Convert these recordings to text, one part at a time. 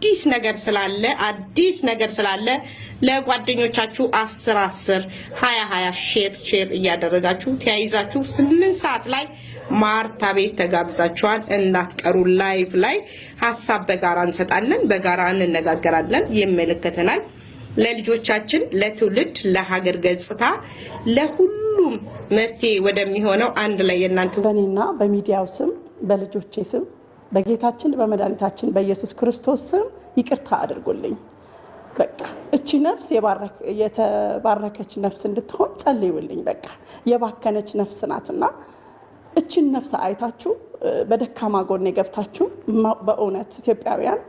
አዲስ ነገር ስላለ አዲስ ነገር ስላለ ለጓደኞቻችሁ አስር አስር ሀያ ሀያ ሼር ሼር እያደረጋችሁ ተያይዛችሁ ስምንት ሰዓት ላይ ማርታ ቤት ተጋብዛችኋል። እንዳትቀሩ። ላይቭ ላይ ሀሳብ በጋራ እንሰጣለን፣ በጋራ እንነጋገራለን። ይመለከተናል። ለልጆቻችን፣ ለትውልድ፣ ለሀገር ገጽታ፣ ለሁሉም መፍትሄ ወደሚሆነው አንድ ላይ የእናንተ በእኔና በሚዲያው ስም በልጆቼ ስም በጌታችን በመድኃኒታችን በኢየሱስ ክርስቶስ ስም ይቅርታ አድርጉልኝ። በቃ እቺ ነፍስ የተባረከች ነፍስ እንድትሆን ጸልዩልኝ። በቃ የባከነች ነፍስ ናትና እችን ነፍስ አይታችሁ በደካማ ጎን የገብታችሁ በእውነት ኢትዮጵያውያን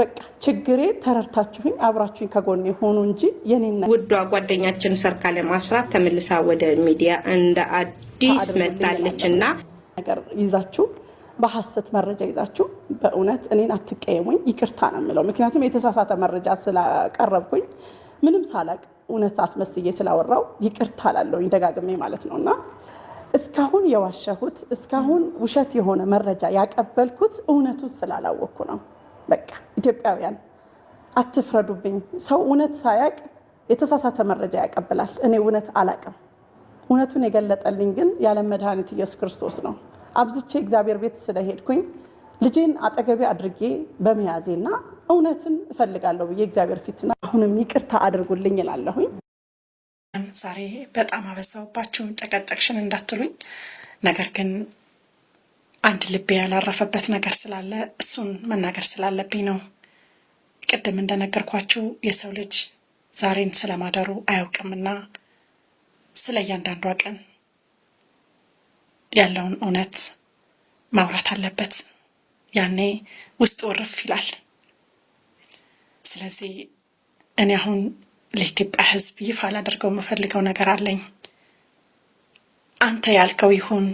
በቃ ችግሬ ተረድታችሁኝ አብራችሁኝ ከጎን የሆኑ እንጂ የኔና ውዷ ጓደኛችን ሰርካ ለማስራት ተመልሳ ወደ ሚዲያ እንደ አዲስ መታለች እና ነገር ይዛችሁ በሐሰት መረጃ ይዛችሁ በእውነት እኔን አትቀየሙኝ፣ ይቅርታ ነው የምለው። ምክንያቱም የተሳሳተ መረጃ ስላቀረብኩኝ ምንም ሳላቅ እውነት አስመስዬ ስላወራው ይቅርታ ላለውኝ ደጋግሜ ማለት ነው እና እስካሁን የዋሸሁት እስካሁን ውሸት የሆነ መረጃ ያቀበልኩት እውነቱን ስላላወቅኩ ነው። በቃ ኢትዮጵያውያን አትፍረዱብኝ። ሰው እውነት ሳያቅ የተሳሳተ መረጃ ያቀብላል። እኔ እውነት አላቅም። እውነቱን የገለጠልኝ ግን ያለ መድኃኒት ኢየሱስ ክርስቶስ ነው። አብዝቼ እግዚአብሔር ቤት ስለሄድኩኝ ልጄን አጠገቤ አድርጌ በመያዜ ና እውነትን እፈልጋለሁ ብዬ እግዚአብሔር ፊትና አሁንም ይቅርታ አድርጉልኝ እላለሁኝ። ዛሬ በጣም አበዛውባችሁ፣ ጨቀጨቅሽን እንዳትሉኝ። ነገር ግን አንድ ልቤ ያላረፈበት ነገር ስላለ እሱን መናገር ስላለብኝ ነው። ቅድም እንደነገርኳችሁ የሰው ልጅ ዛሬን ስለማደሩ አያውቅምና ስለ እያንዳንዷ ቀን ያለውን እውነት ማውራት አለበት። ያኔ ውስጡ እርፍ ይላል። ስለዚህ እኔ አሁን ለኢትዮጵያ ሕዝብ ይፋ ላደርገው የምፈልገው ነገር አለኝ። አንተ ያልከው ይሁን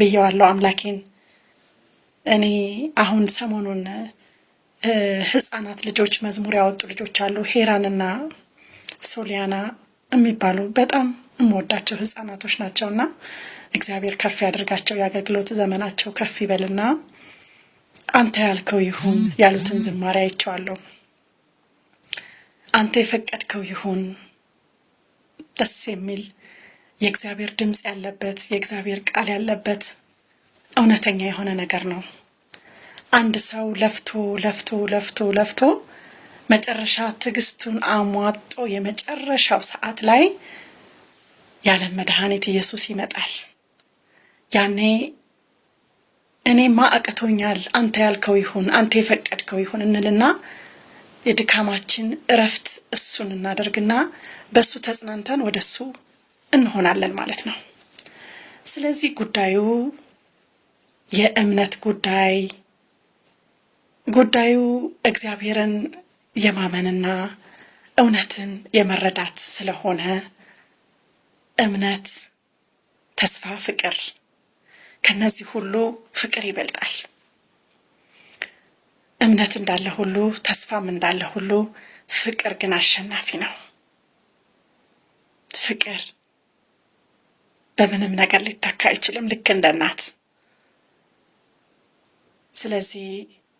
ብየዋለው አምላኬን። እኔ አሁን ሰሞኑን ህጻናት ልጆች መዝሙር ያወጡ ልጆች አሉ ሄራንና ሶሊያና የሚባሉ በጣም የምወዳቸው ህጻናቶች ናቸው እና እግዚአብሔር ከፍ ያደርጋቸው፣ የአገልግሎት ዘመናቸው ከፍ ይበልና አንተ ያልከው ይሁን ያሉትን ዝማሬ አይቼዋለሁ። አንተ የፈቀድከው ይሁን ደስ የሚል የእግዚአብሔር ድምፅ ያለበት የእግዚአብሔር ቃል ያለበት እውነተኛ የሆነ ነገር ነው። አንድ ሰው ለፍቶ ለፍቶ ለፍቶ ለፍቶ መጨረሻ ትዕግስቱን አሟጦ የመጨረሻው ሰዓት ላይ ያለ መድኃኒት ኢየሱስ ይመጣል። ያኔ እኔማ አቅቶኛል፣ አንተ ያልከው ይሁን፣ አንተ የፈቀድከው ይሁን እንልና የድካማችን እረፍት እሱን እናደርግና በእሱ ተጽናንተን ወደ እሱ እንሆናለን ማለት ነው። ስለዚህ ጉዳዩ የእምነት ጉዳይ ጉዳዩ እግዚአብሔርን የማመንና እውነትን የመረዳት ስለሆነ እምነት፣ ተስፋ፣ ፍቅር ከነዚህ ሁሉ ፍቅር ይበልጣል። እምነት እንዳለ ሁሉ ተስፋም እንዳለ ሁሉ ፍቅር ግን አሸናፊ ነው። ፍቅር በምንም ነገር ሊተካ አይችልም፣ ልክ እንደ እናት። ስለዚህ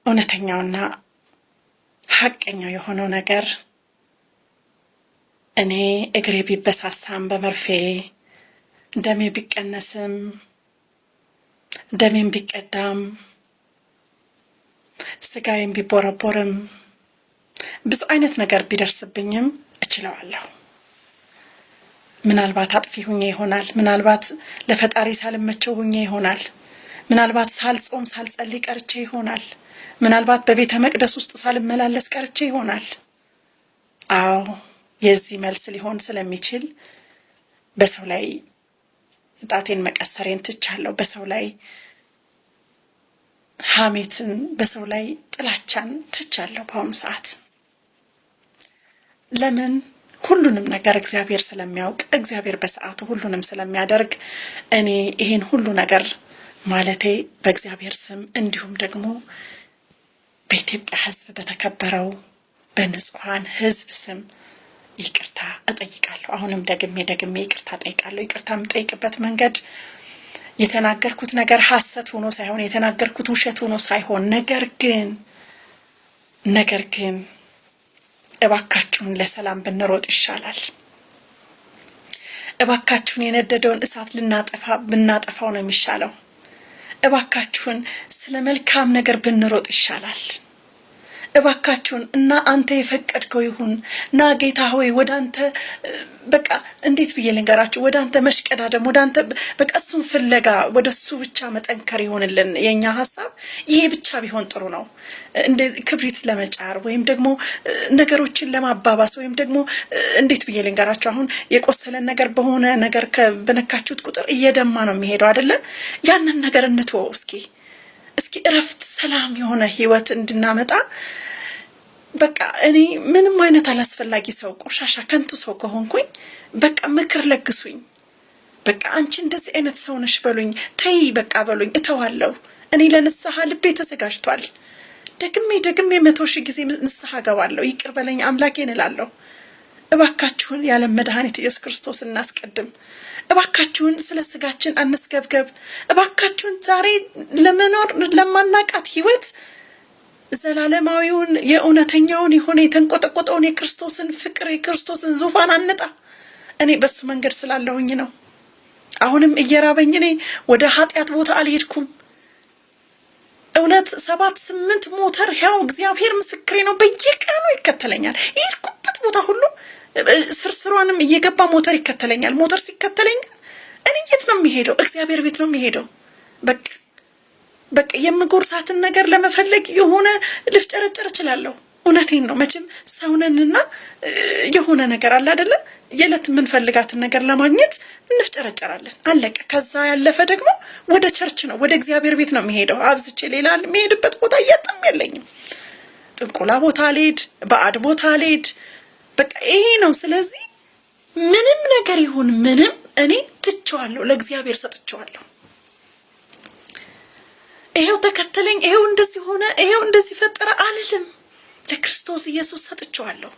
እውነተኛውና ሀቀኛው የሆነው ነገር እኔ እግሬ ቢበሳሳም በመርፌ ደሜ ቢቀነስም ደሜም ቢቀዳም ስጋዬም ቢቦረቦርም ብዙ አይነት ነገር ቢደርስብኝም እችለዋለሁ። ምናልባት አጥፊ ሁኜ ይሆናል። ምናልባት ለፈጣሪ ሳልመቸው ሁኜ ይሆናል። ምናልባት ሳልጾም ሳልጸልይ ቀርቼ ይሆናል። ምናልባት በቤተ መቅደስ ውስጥ ሳልመላለስ ቀርቼ ይሆናል። አዎ የዚህ መልስ ሊሆን ስለሚችል በሰው ላይ እጣቴን መቀሰሬን ትቻለሁ። በሰው ላይ ሐሜትን፣ በሰው ላይ ጥላቻን ትቻለሁ። በአሁኑ ሰዓት ለምን? ሁሉንም ነገር እግዚአብሔር ስለሚያውቅ፣ እግዚአብሔር በሰዓቱ ሁሉንም ስለሚያደርግ እኔ ይሄን ሁሉ ነገር ማለቴ በእግዚአብሔር ስም እንዲሁም ደግሞ በኢትዮጵያ ሕዝብ በተከበረው በንጹሐን ሕዝብ ስም ይቅርታ እጠይቃለሁ። አሁንም ደግሜ ደግሜ ይቅርታ እጠይቃለሁ። ይቅርታ የምጠይቅበት መንገድ የተናገርኩት ነገር ሐሰት ሆኖ ሳይሆን የተናገርኩት ውሸት ሆኖ ሳይሆን ነገር ግን ነገር ግን እባካችሁን ለሰላም ብንሮጥ ይሻላል። እባካችሁን የነደደውን እሳት ልናጠፋ ብናጠፋው ነው የሚሻለው። እባካችሁን ስለ መልካም ነገር ብንሮጥ ይሻላል። እባካችሁን እና አንተ የፈቀድከው ይሁን ና ጌታ ሆይ ወደ አንተ በቃ እንዴት ብዬ ልንገራችሁ? ወደ አንተ መሽቀዳደም፣ ወደ አንተ በቃ እሱን ፍለጋ ወደ እሱ ብቻ መጠንከር ይሆንልን የእኛ ሀሳብ። ይሄ ብቻ ቢሆን ጥሩ ነው። እንደ ክብሪት ለመጫር ወይም ደግሞ ነገሮችን ለማባባስ ወይም ደግሞ እንዴት ብዬ ልንገራችሁ? አሁን የቆሰለን ነገር በሆነ ነገር በነካችሁት ቁጥር እየደማ ነው የሚሄደው አይደለም? ያንን ነገር እንትወው እስኪ እስኪ እረፍት፣ ሰላም የሆነ ህይወት እንድናመጣ በቃ እኔ ምንም አይነት አላስፈላጊ ሰው ቆሻሻ፣ ከንቱ ሰው ከሆንኩኝ በቃ ምክር ለግሱኝ። በቃ አንቺ እንደዚህ አይነት ሰው ነሽ በሉኝ፣ ተይ በቃ በሉኝ፣ እተዋለሁ። እኔ ለንስሐ ልቤ ተዘጋጅቷል። ደግሜ ደግሜ መቶ ሺህ ጊዜ ንስሐ ገባለሁ። ይቅር በለኝ አምላኬን እላለሁ። እባካችሁን ያለ መድኃኒት ኢየሱስ ክርስቶስ እናስቀድም። እባካችሁን ስለ ስጋችን አንስገብገብ። እባካችሁን ዛሬ ለመኖር ለማናቃት ህይወት ዘላለማዊውን የእውነተኛውን የሆነ የተንቆጠቆጠውን የክርስቶስን ፍቅር የክርስቶስን ዙፋን አንጣ። እኔ በሱ መንገድ ስላለሁኝ ነው። አሁንም እየራበኝ እኔ ወደ ኃጢአት ቦታ አልሄድኩም። እውነት ሰባት ስምንት ሞተር ያው እግዚአብሔር ምስክሬ ነው። በየቀኑ ይከተለኛል። የሄድኩበት ቦታ ሁሉ ስርስሯንም እየገባ ሞተር ይከተለኛል። ሞተር ሲከተለኝ እኔ የት ነው የሚሄደው? እግዚአብሔር ቤት ነው የሚሄደው። በቃ በቃ የምጎርሳትን ነገር ለመፈለግ የሆነ ልፍጨረጨር እችላለሁ። እውነቴን ነው። መቼም ሰውነንና የሆነ ነገር አለ አደለ? የዕለት የምንፈልጋትን ነገር ለማግኘት እንፍጨረጨራለን። አለቀ። ከዛ ያለፈ ደግሞ ወደ ቸርች ነው ወደ እግዚአብሔር ቤት ነው የሚሄደው። አብዝቼ ሌላ የሚሄድበት ቦታ እያጠም የለኝም። ጥንቁላ ቦታ አልሄድ፣ በአድ ቦታ አልሄድ፣ በቃ ይሄ ነው። ስለዚህ ምንም ነገር ይሁን ምንም እኔ ትቼዋለሁ፣ ለእግዚአብሔር ሰጥቼዋለሁ። ይሄው ተከተለኝ፣ ይሄው እንደዚህ ሆነ፣ ይሄው እንደዚህ ፈጠረ አልልም። ለክርስቶስ ኢየሱስ ሰጥቼዋለሁ።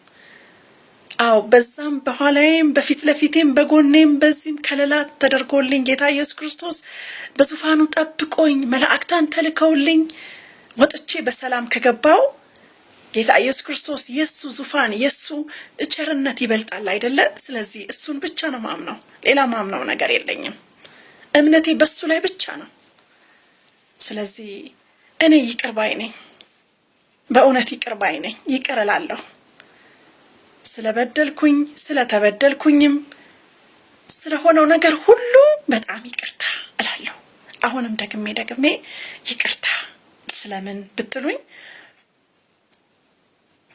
አዎ በዛም በኋላዬም በፊት ለፊቴም በጎኔም በዚህም ከለላ ተደርጎልኝ ጌታ ኢየሱስ ክርስቶስ በዙፋኑ ጠብቆኝ መላእክታን ተልከውልኝ ወጥቼ በሰላም ከገባው ጌታ ኢየሱስ ክርስቶስ የእሱ ዙፋን የእሱ ቸርነት ይበልጣል አይደለ? ስለዚህ እሱን ብቻ ነው ማምነው፣ ሌላ ማምነው ነገር የለኝም። እምነቴ በሱ ላይ ብቻ ነው። ስለዚህ እኔ ይቅር ባይ ነኝ፣ በእውነት ይቅር ባይ ነኝ። ይቅር እላለሁ ስለበደልኩኝ፣ ስለተበደልኩኝም ስለሆነው ነገር ሁሉ በጣም ይቅርታ እላለሁ። አሁንም ደግሜ ደግሜ ይቅርታ። ስለምን ብትሉኝ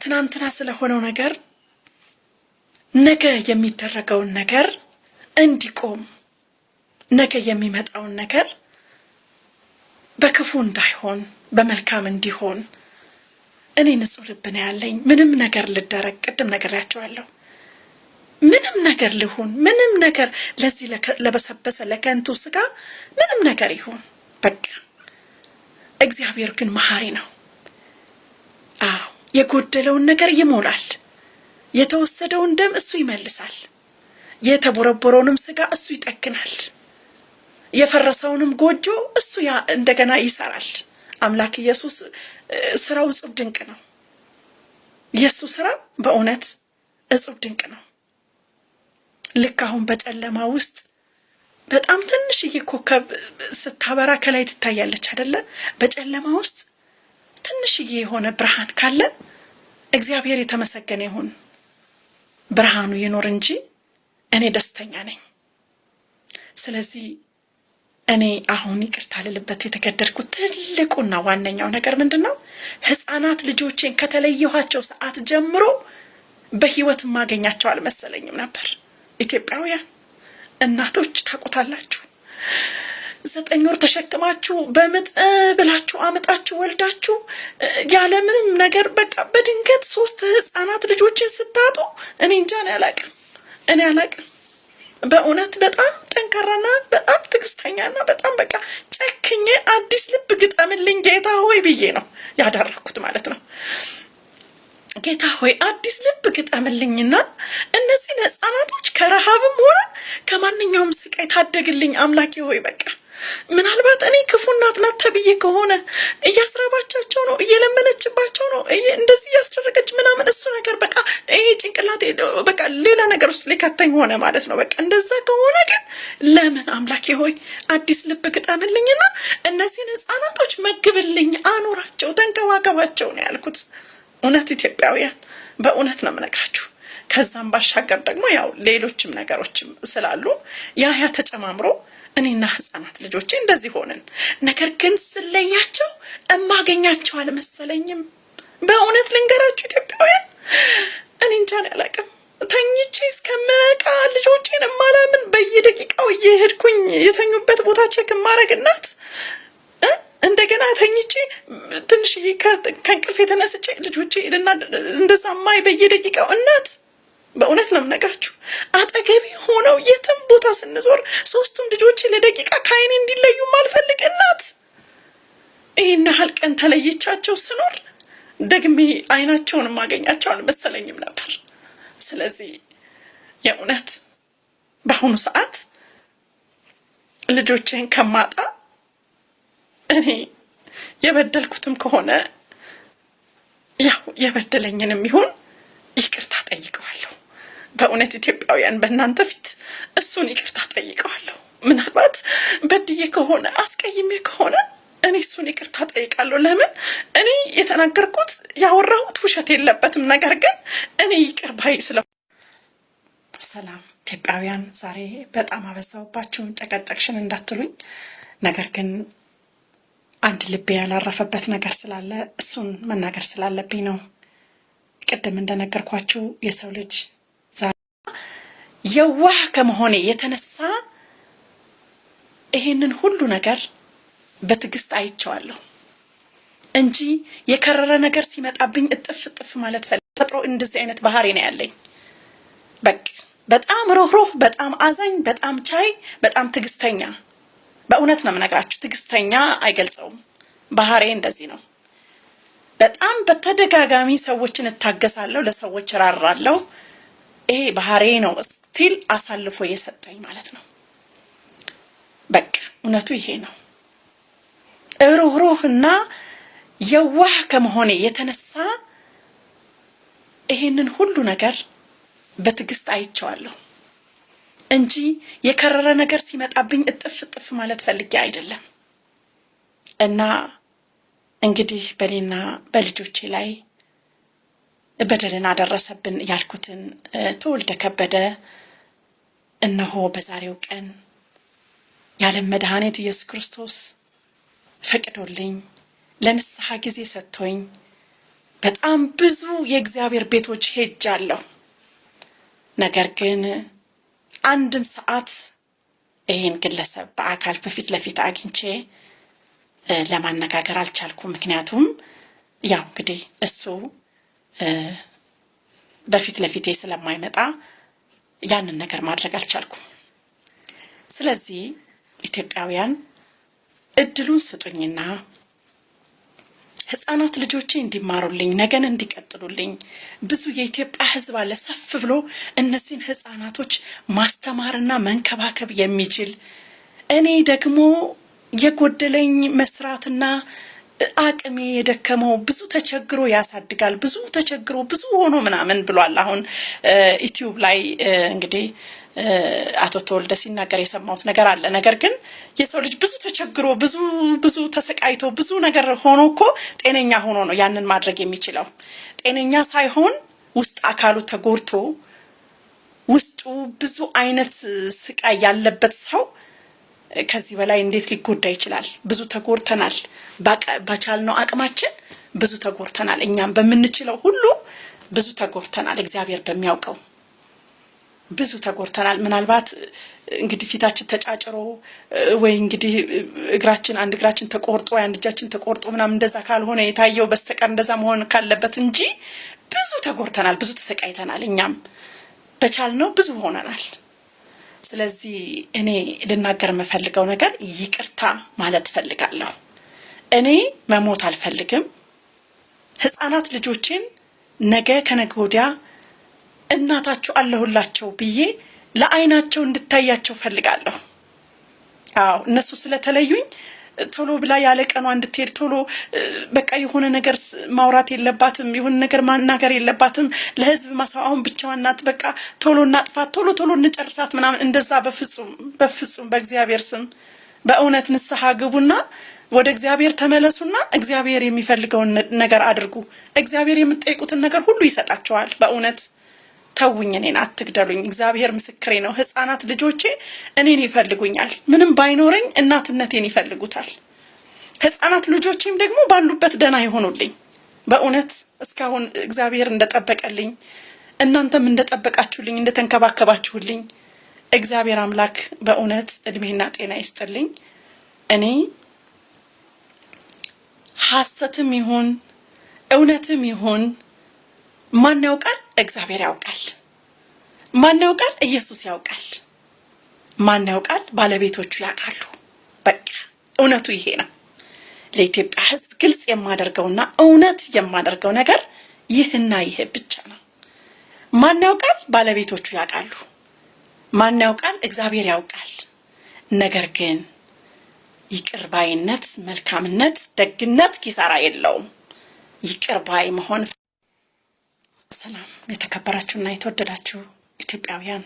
ትናንትና ስለሆነው ነገር ነገ የሚደረገውን ነገር እንዲቆም ነገ የሚመጣውን ነገር በክፉ እንዳይሆን በመልካም እንዲሆን እኔ ንጹህ ልብ ነው ያለኝ። ምንም ነገር ልደረግ፣ ቅድም ነግሬያቸዋለሁ። ምንም ነገር ልሁን፣ ምንም ነገር ለዚህ ለበሰበሰ ለከንቱ ስጋ ምንም ነገር ይሁን፣ በቃ እግዚአብሔር ግን መሐሪ ነው። አዎ የጎደለውን ነገር ይሞላል። የተወሰደውን ደም እሱ ይመልሳል። የተቦረቦረውንም ስጋ እሱ ይጠግናል። የፈረሰውንም ጎጆ እሱ እንደገና ይሰራል። አምላክ ኢየሱስ ስራው እጹብ ድንቅ ነው። የእሱ ስራ በእውነት እጹብ ድንቅ ነው። ልክ አሁን በጨለማ ውስጥ በጣም ትንሽዬ ኮከብ ስታበራ ከላይ ትታያለች አይደለ? በጨለማ ውስጥ ትንሽዬ የሆነ ብርሃን ካለ እግዚአብሔር የተመሰገነ ይሁን። ብርሃኑ ይኖር እንጂ እኔ ደስተኛ ነኝ። ስለዚህ እኔ አሁን ይቅርታ ልልበት የተገደድኩት ትልቁና ዋነኛው ነገር ምንድን ነው? ህፃናት ልጆቼን ከተለየኋቸው ሰዓት ጀምሮ በህይወት ማገኛቸው አልመሰለኝም ነበር። ኢትዮጵያውያን እናቶች ታውቁታላችሁ። ዘጠኝ ወር ተሸክማችሁ በምጥ ብላችሁ አመጣችሁ ወልዳችሁ ያለምንም ነገር በቃ በድንገት ሶስት ህፃናት ልጆችን ስታጡ እኔ እንጃ እኔ አላቅም እኔ አላቅም። በእውነት በጣም ጠንካራና በጣም ትዕግስተኛና በጣም በቃ ጨክኜ አዲስ ልብ ግጠምልኝ ጌታ ሆይ ብዬ ነው ያደረኩት ማለት ነው። ጌታ ሆይ አዲስ ልብ ግጠምልኝና እነዚህን ህፃናቶች ከረሃብም ሆነ ከማንኛውም ስቃይ ታደግልኝ አምላኬ ሆይ በቃ ምናልባት እኔ ክፉ እናት ናት ተብዬ ከሆነ እያስራባቻቸው ነው፣ እየለመነችባቸው ነው፣ እንደዚህ እያስደረገች ምናምን እሱ ነገር በቃ ይሄ ጭንቅላቴ በቃ ሌላ ነገር ውስጥ ሊከተኝ ሆነ ማለት ነው። በቃ እንደዛ ከሆነ ግን ለምን አምላኬ ሆይ አዲስ ልብ ግጠምልኝና እነዚህን ህጻናቶች መግብልኝ፣ አኑራቸው፣ ተንከባከባቸው ነው ያልኩት። እውነት ኢትዮጵያውያን በእውነት ነው የምነግራችሁ። ከዛም ባሻገር ደግሞ ያው ሌሎችም ነገሮችም ስላሉ ያ ያ ተጨማምሮ እኔና ህጻናት ልጆቼ እንደዚህ ሆንን። ነገር ግን ስለያቸው እማገኛቸው አልመሰለኝም። በእውነት ልንገራችሁ ኢትዮጵያውያን፣ እኔ እንጃን ያላቅም ተኝቼ እስከምነቃ ልጆቼን እማላምን በየደቂቃው እየሄድኩኝ የተኙበት ቦታ ቼክ ማረግናት እናት እንደገና ተኝቼ ትንሽ ከእንቅልፍ የተነስቼ ልጆቼ እንደዛማ በየደቂቃው እናት በእውነት ነው የምነግራችሁ። አጠገቢ ሆነው የትም ቦታ ስንዞር ሶስቱም ልጆች ለደቂቃ ከአይኔ እንዲለዩ ማልፈልግ እናት። ይህን ያህል ቀን ተለይቻቸው ስኖር ደግሜ አይናቸውን ማገኛቸው አልመሰለኝም ነበር። ስለዚህ የእውነት በአሁኑ ሰዓት ልጆችን ከማጣ እኔ የበደልኩትም ከሆነ ያው የበደለኝንም ይሁን በእውነት ኢትዮጵያውያን በእናንተ ፊት እሱን ይቅርታ ጠይቀዋለሁ። ምናልባት በድዬ ከሆነ አስቀይሜ ከሆነ እኔ እሱን ይቅርታ ጠይቃለሁ። ለምን እኔ የተናገርኩት ያወራሁት ውሸት የለበትም። ነገር ግን እኔ ይቅር ባይ ስለ ሰላም ኢትዮጵያውያን፣ ዛሬ በጣም አበዛውባችሁ፣ ጨቀጨቅሽን እንዳትሉኝ። ነገር ግን አንድ ልቤ ያላረፈበት ነገር ስላለ እሱን መናገር ስላለብኝ ነው። ቅድም እንደነገርኳችሁ የሰው ልጅ የዋህ ከመሆኔ የተነሳ ይሄንን ሁሉ ነገር በትዕግስት አይቸዋለሁ እንጂ የከረረ ነገር ሲመጣብኝ እጥፍ እጥፍ ማለት ፈለ ተፈጥሮ እንደዚህ አይነት ባህሪ ነው ያለኝ። በቃ በጣም ሩህሩህ፣ በጣም አዛኝ፣ በጣም ቻይ፣ በጣም ትዕግስተኛ። በእውነት ነው የምነግራችሁ፣ ትዕግስተኛ አይገልጸውም። ባህሬ እንደዚህ ነው። በጣም በተደጋጋሚ ሰዎችን እታገሳለሁ፣ ለሰዎች እራራለሁ። ይሄ ባህሬ ነው ስቲል አሳልፎ የሰጠኝ ማለት ነው። በቃ እውነቱ ይሄ ነው። እና የዋህ ከመሆኔ የተነሳ ይሄንን ሁሉ ነገር በትዕግስት አይቸዋለሁ እንጂ የከረረ ነገር ሲመጣብኝ እጥፍ እጥፍ ማለት ፈልጌ አይደለም። እና እንግዲህ በእኔና በልጆቼ ላይ በደልን አደረሰብን ያልኩትን ትውልደ ከበደ እነሆ በዛሬው ቀን ያለም መድኃኒት ኢየሱስ ክርስቶስ ፈቅዶልኝ ለንስሐ ጊዜ ሰጥቶኝ በጣም ብዙ የእግዚአብሔር ቤቶች ሄጃለሁ። ነገር ግን አንድም ሰዓት ይህን ግለሰብ በአካል በፊት ለፊት አግኝቼ ለማነጋገር አልቻልኩም። ምክንያቱም ያው እንግዲህ እሱ በፊት ለፊቴ ስለማይመጣ ያንን ነገር ማድረግ አልቻልኩም። ስለዚህ ኢትዮጵያውያን እድሉን ስጡኝና ህጻናት ልጆቼ እንዲማሩልኝ ነገን እንዲቀጥሉልኝ ብዙ የኢትዮጵያ ሕዝብ አለ ሰፍ ብሎ እነዚህን ህጻናቶች ማስተማርና መንከባከብ የሚችል እኔ ደግሞ የጎደለኝ መስራትና አቅሜ የደከመው ብዙ ተቸግሮ ያሳድጋል፣ ብዙ ተቸግሮ ብዙ ሆኖ ምናምን ብሏል። አሁን ዩቲዩብ ላይ እንግዲህ አቶ ተወልደ ሲናገር የሰማሁት ነገር አለ። ነገር ግን የሰው ልጅ ብዙ ተቸግሮ ብዙ ብዙ ተሰቃይቶ ብዙ ነገር ሆኖ እኮ ጤነኛ ሆኖ ነው ያንን ማድረግ የሚችለው። ጤነኛ ሳይሆን ውስጥ አካሉ ተጎድቶ ውስጡ ብዙ አይነት ስቃይ ያለበት ሰው ከዚህ በላይ እንዴት ሊጎዳ ይችላል? ብዙ ተጎድተናል። በቻልነው አቅማችን ብዙ ተጎድተናል። እኛም በምንችለው ሁሉ ብዙ ተጎድተናል። እግዚአብሔር በሚያውቀው ብዙ ተጎድተናል። ምናልባት እንግዲህ ፊታችን ተጫጭሮ ወይ እንግዲህ እግራችን አንድ እግራችን ተቆርጦ ወይ አንድ እጃችን ተቆርጦ ምናምን እንደዛ ካልሆነ የታየው በስተቀር እንደዛ መሆን ካለበት እንጂ ብዙ ተጎድተናል፣ ብዙ ተሰቃይተናል። እኛም በቻልነው ብዙ ሆነናል። ስለዚህ እኔ ልናገር የምፈልገው ነገር ይቅርታ ማለት እፈልጋለሁ። እኔ መሞት አልፈልግም። ህፃናት ልጆቼን ነገ ከነገ ወዲያ እናታቸው አለሁላቸው ብዬ ለአይናቸው እንድታያቸው ፈልጋለሁ። አዎ እነሱ ስለተለዩኝ ቶሎ ብላ ያለ ቀኗ እንድትሄድ ቶሎ በቃ የሆነ ነገር ማውራት የለባትም፣ የሆነ ነገር ማናገር የለባትም ለህዝብ ማሳ አሁን ብቻዋን ናት። በቃ ቶሎ እናጥፋት፣ ቶሎ ቶሎ እንጨርሳት ምናምን እንደዛ። በፍጹም በፍጹም በእግዚአብሔር ስም በእውነት ንስሐ ግቡና ወደ እግዚአብሔር ተመለሱና እግዚአብሔር የሚፈልገውን ነገር አድርጉ። እግዚአብሔር የምትጠይቁትን ነገር ሁሉ ይሰጣቸዋል በእውነት ተውኝ፣ እኔን አትግደሉኝ፣ እግዚአብሔር ምስክሬ ነው። ህፃናት ልጆቼ እኔን ይፈልጉኛል። ምንም ባይኖረኝ እናትነቴን ይፈልጉታል። ህፃናት ልጆቼም ደግሞ ባሉበት ደህና ይሆኑልኝ። በእውነት እስካሁን እግዚአብሔር እንደጠበቀልኝ እናንተም እንደጠበቃችሁልኝ እንደተንከባከባችሁልኝ እግዚአብሔር አምላክ በእውነት እድሜና ጤና ይስጥልኝ። እኔ ሀሰትም ይሁን እውነትም ይሁን ማን ያውቃል እግዚአብሔር ያውቃል። ማን ያውቃል? ኢየሱስ ያውቃል። ማን ያውቃል? ባለቤቶቹ ያውቃሉ። በቃ እውነቱ ይሄ ነው። ለኢትዮጵያ ሕዝብ ግልጽ የማደርገውና እውነት የማደርገው ነገር ይህና ይህ ብቻ ነው። ማን ያውቃል? ባለቤቶቹ ያውቃሉ። ማን ያውቃል? እግዚአብሔር ያውቃል። ነገር ግን ይቅር ባይነት፣ መልካምነት፣ ደግነት ኪሳራ የለውም። ይቅር ባይ መሆን ሰላም የተከበራችሁና የተወደዳችሁ ኢትዮጵያውያን